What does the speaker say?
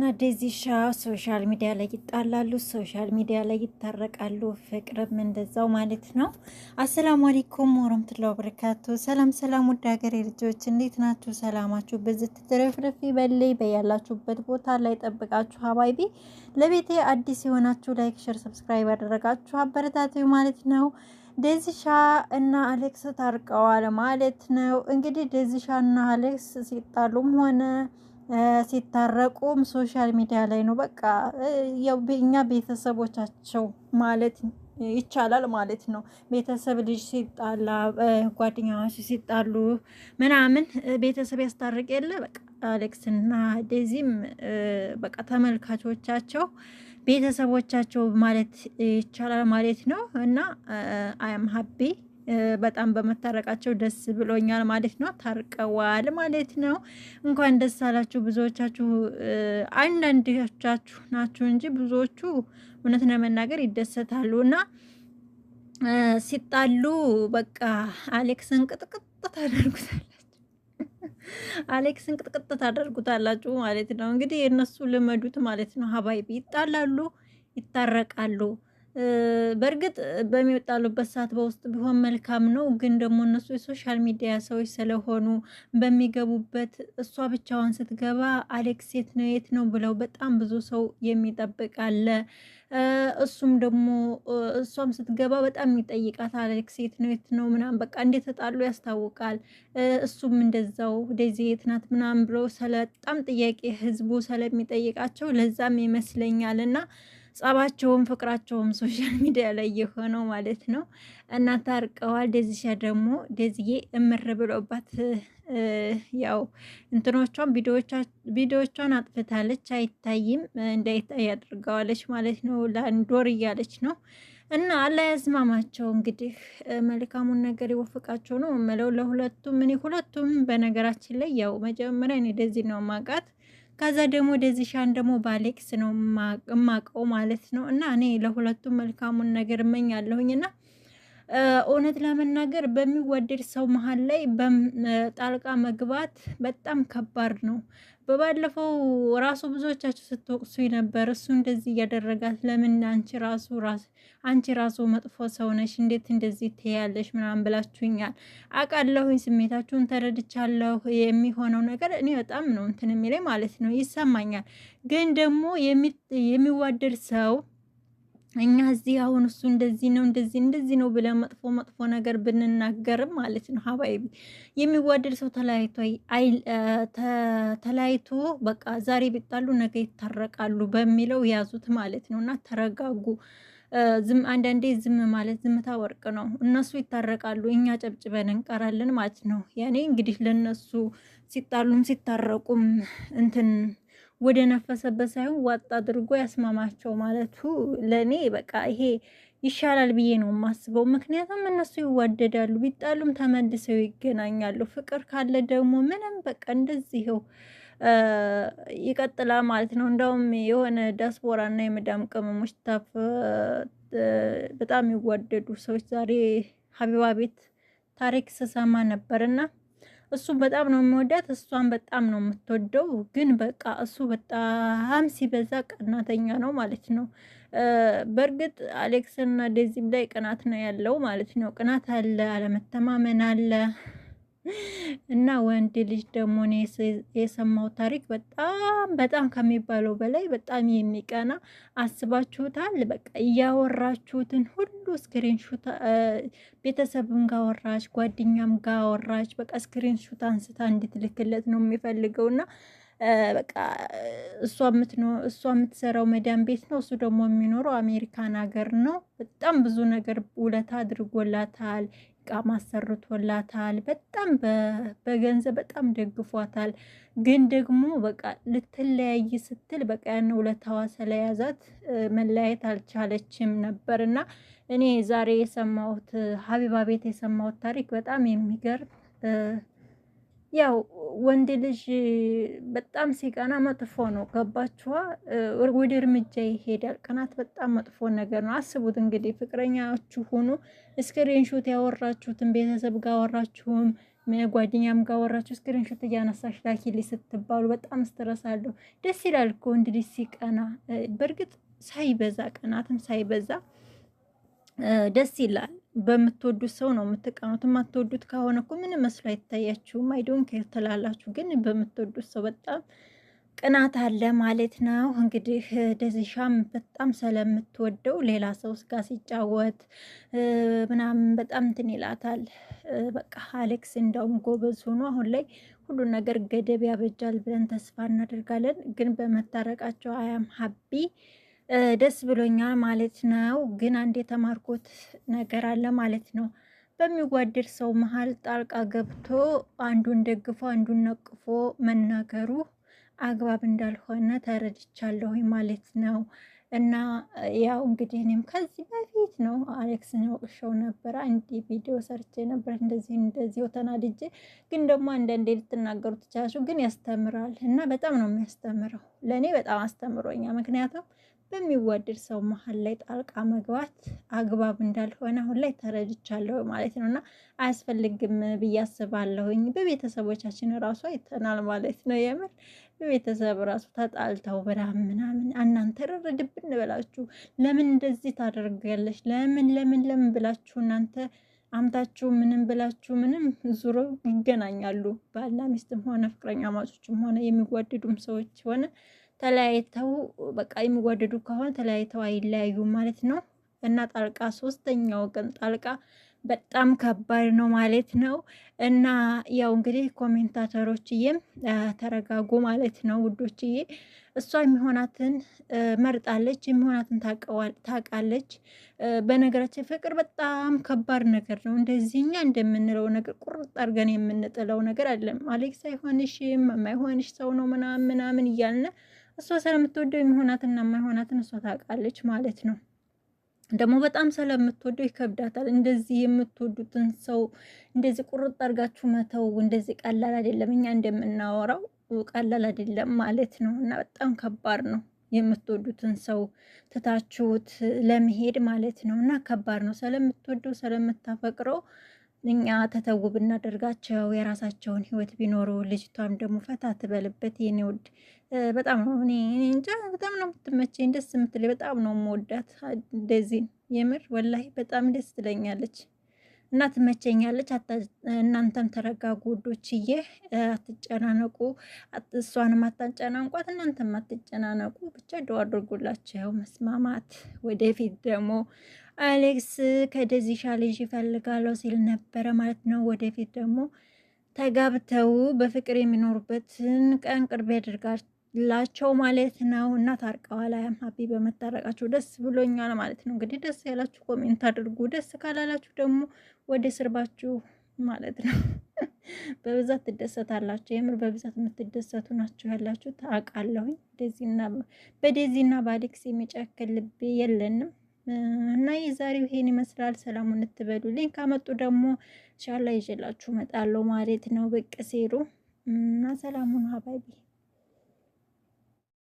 እና ሻ ሶሻል ሚዲያ ላይ ይጣላሉ፣ ሶሻል ሚዲያ ላይ ይታረቃሉ። ፍቅርም እንደዛው ማለት ነው። አሰላሙ አለይኩም ወረህመቱላሂ ወበረካቱ። ሰላም ሰላም፣ ወደ ሀገሬ ልጆች እንዴት ናችሁ? ሰላማችሁ ብዝት ትረፍረፊ በለይ በያላችሁበት ቦታ ላይ ጠብቃችሁ። ሀባይቢ ለቤቴ አዲስ የሆናችሁ ላይክ፣ ሸር፣ ሰብስክራይብ ያደረጋችሁ አበረታቱ ማለት ነው። ደዚሻ እና አሌክስ ታርቀዋል ማለት ነው። እንግዲህ ደዚሻ እና አሌክስ ሲጣሉም ሆነ ሲታረቁም ሶሻል ሚዲያ ላይ ነው። በቃ እኛ ቤተሰቦቻቸው ማለት ይቻላል ማለት ነው። ቤተሰብ ልጅ ሲጣላ፣ ጓደኛዎች ሲጣሉ ምናምን ቤተሰብ ያስታርቅ የለ በቃ አሌክስና ዴዚም በቃ ተመልካቾቻቸው ቤተሰቦቻቸው ማለት ይቻላል ማለት ነው እና አይ አም ሀቢ በጣም በመታረቃቸው ደስ ብሎኛል ማለት ነው። ታርቀዋል ማለት ነው። እንኳን ደስ አላችሁ። ብዙዎቻችሁ አንዳንዶቻችሁ ናችሁ እንጂ ብዙዎቹ እውነት ለመናገር ይደሰታሉ እና ሲጣሉ በቃ አሌክስን ቅጥቅጥ ታደርጉታላችሁ። አሌክስን ቅጥቅጥ ታደርጉታላችሁ ማለት ነው። እንግዲህ የእነሱ ልመዱት ማለት ነው። ሀባይቢ ይጣላሉ፣ ይታረቃሉ። በእርግጥ በሚወጣሉበት ሰዓት በውስጥ ቢሆን መልካም ነው። ግን ደግሞ እነሱ የሶሻል ሚዲያ ሰዎች ስለሆኑ በሚገቡበት እሷ ብቻዋን ስትገባ አሌክስ የት ነው የት ነው ብለው በጣም ብዙ ሰው የሚጠብቅ አለ። እሱም ደግሞ እሷም ስትገባ በጣም የሚጠይቃት አሌክስ የት ነው የት ነው ምናምን በቃ ተጣሉ ያስታውቃል። እሱም እንደዛው ዴዚ የት ናት ምናምን ብለው ስለጣም ጥያቄ ህዝቡ ስለሚጠይቃቸው ለዛም ይመስለኛል እና ጸባቸውም ፍቅራቸውም ሶሻል ሚዲያ ላይ የሆነው ማለት ነው። እና ታርቀዋል። ደዚሻ ደግሞ ደዚዬ እምር ብሎባት ያው እንትኖቿን ቪዲዮቿን አጥፍታለች፣ አይታይም እንዳይታይ አድርገዋለች ማለት ነው። ለአንድ ወር እያለች ነው። እና አላ ያዝማማቸው እንግዲህ መልካሙን ነገር ይወፍቃቸው ነው የምለው ለሁለቱም። እኔ ሁለቱም በነገራችን ላይ ያው መጀመሪያ እኔ ደዚህ ነው ማቃት ከዛ ደግሞ ደዚሻን ደግሞ ባሌክስ ነው እማቀው ማለት ነው። እና እኔ ለሁለቱም መልካሙን ነገር እመኛለሁኝ እና እውነት ለመናገር በሚወደድ ሰው መሀል ላይ ጣልቃ መግባት በጣም ከባድ ነው። በባለፈው ራሱ ብዙዎቻችሁ ስትወቅሱ ነበር። እሱ እንደዚህ እያደረጋት ለምን አንቺ ራሱ አንቺ ራሱ መጥፎ ሰው ነሽ፣ እንዴት እንደዚህ ትያለሽ? ምናምን ብላችሁኛል። አቃለሁኝ፣ ስሜታችሁን ተረድቻለሁ። የሚሆነው ነገር እኔ በጣም ነው እንትን የሚለኝ ማለት ነው፣ ይሰማኛል። ግን ደግሞ የሚዋደድ ሰው እኛ እዚህ አሁን እሱ እንደዚህ ነው እንደዚህ እንደዚህ ነው ብለን መጥፎ መጥፎ ነገር ብንናገርም ማለት ነው ሀባይቢ የሚዋደድ ሰው ተለያይቶ ተለያይቶ በቃ ዛሬ ቢጣሉ ነገ ይታረቃሉ በሚለው ያዙት ማለት ነው። እና ተረጋጉ። ዝም አንዳንዴ ዝም ማለት ዝምታ ወርቅ ነው። እነሱ ይታረቃሉ፣ እኛ ጨብጭበን እንቀራለን ማለት ነው። ያኔ እንግዲህ ለነሱ ሲጣሉም ሲታረቁም እንትን ወደ ነፈሰበት ሳይሆን ዋጥ አድርጎ ያስማማቸው ማለቱ ለእኔ በቃ ይሄ ይሻላል ብዬ ነው የማስበው። ምክንያቱም እነሱ ይዋደዳሉ፣ ቢጣሉም ተመልሰው ይገናኛሉ። ፍቅር ካለ ደግሞ ምንም በቃ እንደዚህው ይቀጥላል ማለት ነው። እንደውም የሆነ ዲያስፖራ እና የመዳም ቅመሞች ታፍ በጣም ይዋደዱ ሰዎች ዛሬ ሀቢባ ቤት ታሪክ ስሰማ ነበር እና እሱን በጣም ነው የምወዳት፣ እሷን በጣም ነው የምትወደው። ግን በቃ እሱ በጣም ሲበዛ ቀናተኛ ነው ማለት ነው። በእርግጥ አሌክስና ዴዚም ላይ ቅናት ነው ያለው ማለት ነው። ቅናት አለ፣ አለመተማመን አለ። እና ወንድ ልጅ ደግሞ እኔ ታሪክ በጣም በጣም ከሚባለው በላይ በጣም የሚቀና አስባችሁታል። በቃ እያወራችሁትን ሁሉ ስክሪንሹት ቤተሰብም ጋወራች ወራች፣ ጓደኛም ጋር ወራች። በቃ ስክሪንሹት አንስታ እንድትልክለት ነው የሚፈልገውና በቃ እሷ የምትሰራው መዳን ቤት ነው። እሱ ደግሞ የሚኖረው አሜሪካን ሀገር ነው። በጣም ብዙ ነገር ውለታ አድርጎላታል። በቃ ማሰርቶላታል። በጣም በገንዘብ በጣም ደግፏታል። ግን ደግሞ በቃ ልትለያይ ስትል በቃ ያን ውለታዋ ስለያዛት መለያየት አልቻለችም ነበር እና እኔ ዛሬ የሰማሁት ሀቢባ ቤት የሰማሁት ታሪክ በጣም የሚገርም ያው ወንድ ልጅ በጣም ሲቀና መጥፎ ነው። ገባችኋ? ወደ እርምጃ ይሄዳል። ቅናት በጣም መጥፎ ነገር ነው። አስቡት እንግዲህ ፍቅረኛችሁ ሆኖ እስክሪንሾት ያወራችሁትን ቤተሰብ ጋር አወራችሁም ጓደኛም ጋር አወራችሁ ስክሪንሾት እያነሳሽ ላኪል ስትባሉ በጣም ስትረስ አለሁ። ደስ ይላል እኮ ወንድ ልጅ ሲቀና። በእርግጥ ሳይበዛ ቅናትም ሳይበዛ ደስ ይላል። በምትወዱት ሰው ነው የምትቀኑት። የማትወዱት ከሆነ እኮ ምን መስሎ አይታያችሁም። አይዶን ኬር ትላላችሁ። ግን በምትወዱት ሰው በጣም ቅናት አለ ማለት ነው። እንግዲህ ደዚሻም በጣም ስለምትወደው ሌላ ሰው ስጋ ሲጫወት ምናምን በጣም እንትን ይላታል። በቃ አሌክስ እንዳውም ጎበዝ ሆኖ አሁን ላይ ሁሉን ነገር ገደብ ያበጃል ብለን ተስፋ እናደርጋለን። ግን በመታረቃቸው አያም ሀቢ ደስ ብሎኛል ማለት ነው። ግን አንድ የተማርኩት ነገር አለ ማለት ነው። በሚዋደድ ሰው መሀል ጣልቃ ገብቶ አንዱን ደግፎ አንዱን ነቅፎ መናገሩ አግባብ እንዳልሆነ ተረድቻለሁ ማለት ነው። እና ያው እንግዲህ እኔም ከዚህ በፊት ነው አሌክስን ወቅሸው ነበረ። አንድ ቪዲዮ ሰርቼ ነበር እንደዚህ እንደዚህ ተናድጄ። ግን ደግሞ አንዳንዴ ልትናገሩ ትችላችሁ፣ ግን ያስተምራል እና በጣም ነው የሚያስተምረው። ለእኔ በጣም አስተምሮኛ ምክንያቱም በሚዋደድ ሰው መሀል ላይ ጣልቃ መግባት አግባብ እንዳልሆነ አሁን ላይ ተረድቻለሁ ማለት ነው። እና አያስፈልግም ብዬ አስባለሁኝ። በቤተሰቦቻችን ራሱ አይተናል ማለት ነው። የምር በቤተሰብ ራሱ ተጣልተው ምናምን ምናምን እናንተ ረረድብን ብላችሁ ለምን እንደዚህ ታደርጋለች ለምን ለምን ለምን ብላችሁ እናንተ አምታችሁ ምንም ብላችሁ ምንም ዙሮ ይገናኛሉ። ባልና ሚስትም ሆነ ፍቅረኛ ማጮችም ሆነ የሚጓድዱም ሰዎች ሆነ ተለያይተው በቃ የሚዋደዱ ከሆነ ተለያይተው አይለያዩም ማለት ነው። እና ጣልቃ ሶስተኛው ቀን ጣልቃ በጣም ከባድ ነው ማለት ነው። እና ያው እንግዲህ ኮሜንታተሮችዬም ተረጋጉ ማለት ነው ውዶችዬ። እሷ የሚሆናትን መርጣለች፣ የሚሆናትን ታውቃለች። በነገራችን ፍቅር በጣም ከባድ ነገር ነው። እንደዚህኛ እንደምንለው ነገር ቁርጥ አድርገን የምንጥለው ነገር አይደለም። አሌክስ አይሆንሽም፣ የማይሆንሽ ሰው ነው ምናምን ምናምን እያልን እሷ ስለምትወደው የሚሆናትና የማይሆናትን እሷ ታውቃለች ማለት ነው። ደግሞ በጣም ስለምትወደው ይከብዳታል። እንደዚህ የምትወዱትን ሰው እንደዚህ ቁርጥ አድርጋችሁ መተው እንደዚህ ቀላል አይደለም። እኛ እንደምናወራው ቀላል አይደለም ማለት ነው እና በጣም ከባድ ነው የምትወዱትን ሰው ትታችሁት ለመሄድ ማለት ነው እና ከባድ ነው። ስለምትወደው ስለምታፈቅረው እኛ ተተው ብናደርጋቸው የራሳቸውን ህይወት ቢኖሩ ልጅቷም ደግሞ ፈታ ትበልበት። የኔ ውድ በጣም ነው እኔ እንጃ በጣም ነው የምትመቸኝ፣ ደስ የምትለኝ በጣም ነው የምወዳት። እንደዚህ የምር ወላሂ በጣም ደስ ትለኛለች እና ትመቸኛለች። እናንተም ተረጋጉ ውዶችዬ፣ አትጨናነቁ፣ እሷንም አታጨናንቋት፣ እናንተም አትጨናነቁ። ብቻ ደው አድርጉላቸው መስማማት ወደፊት ደግሞ አሌክስ ከደዚሻ ልጅ ይፈልጋለሁ ሲል ነበረ ማለት ነው። ወደፊት ደግሞ ተጋብተው በፍቅር የሚኖሩበትን ቀን ቅርብ ያደርጋላቸው ማለት ነው እና ታርቀዋል። አያም ሀቢ በመታረቃቸው ደስ ብሎኛል ማለት ነው። እንግዲህ ደስ ያላችሁ ኮሜንት አድርጉ፣ ደስ ካላላችሁ ደግሞ ወደ ስርባችሁ ማለት ነው። በብዛት ትደሰታላችሁ። የምር በብዛት የምትደሰቱ ናችሁ ያላችሁ ታውቃለሁኝ። በዴዚና በአሌክስ የሚጨክል ልብ የለንም። እና የዛሬው ይሄን ይመስላል። ሰላሙን ትበሉልኝ። ካመጡ ደግሞ ሻላ ይዤላችሁ እመጣለሁ ማለት ነው ብቅ ሲሉ እና ሰላሙን ሀባቢ